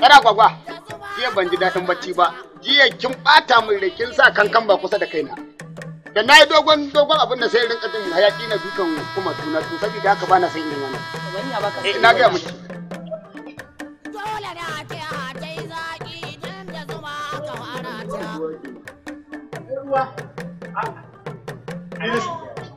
Kada gwagwa. Jiya ban ji daɗin bacci ba. Jiya kin ɓata min da kin sa kankan ba kusa da kaina. Da na yi dogon dogon abin da sai rinka jin hayaƙi na dukan kuma tuna to saboda haka ba na san irin Eh na ga miki. Dole na ce a tai tsaki da zuma ka fara ta.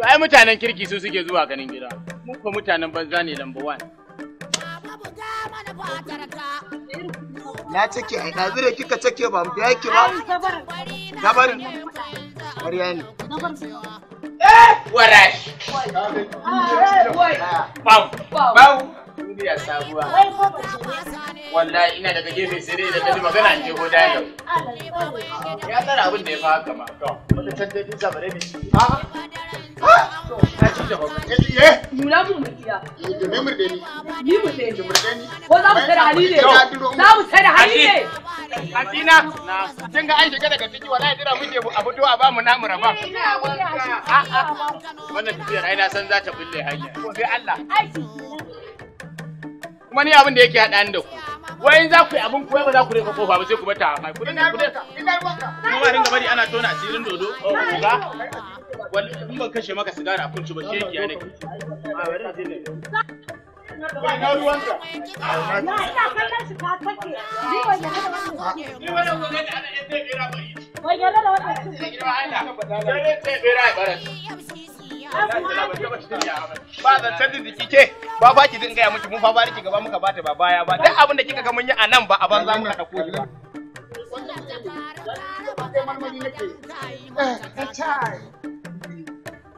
To ai mutanen kirki su suke zuwa ganin gida. Mun fa mutanen banza ne lamba one. Na cike ai da zure kika cike ba mu yaki ba. Gabar. Ƙarya ne. Eh, warash. Bau. Bau. Duniya sabuwa. Wallahi ina daga gefe sai dai daga ji magana an je ko yau. Ya tsara abin da ya fa haka ma. To, wata tantance ta bare ne. Ha? Nuna mu mu iya. ni? Ni Ko za mu Za mu an daga ciki jira a fito a bamu namu raba. Wannan tafiyar na san za ta bulle Allah. Kuma ni abin da yake haɗa ni da ku. Wai za ku yi abin kuwa ba za ku rufe kofa ba sai ku bata. Ku dinga Kuma ringa bari ana tona asirin dodo. ga. wani in ban kashe maka sigara a kunci ba sheki ya nake Ina ruwanka? Na da da ba ba ya ba ba ki gaya miki mun fa ba ki gaba muka bata ba baya ba duk abin da kika ga mun yi a nan ba a banza mu dauko ba Wannan da fara fara ba marmari nake.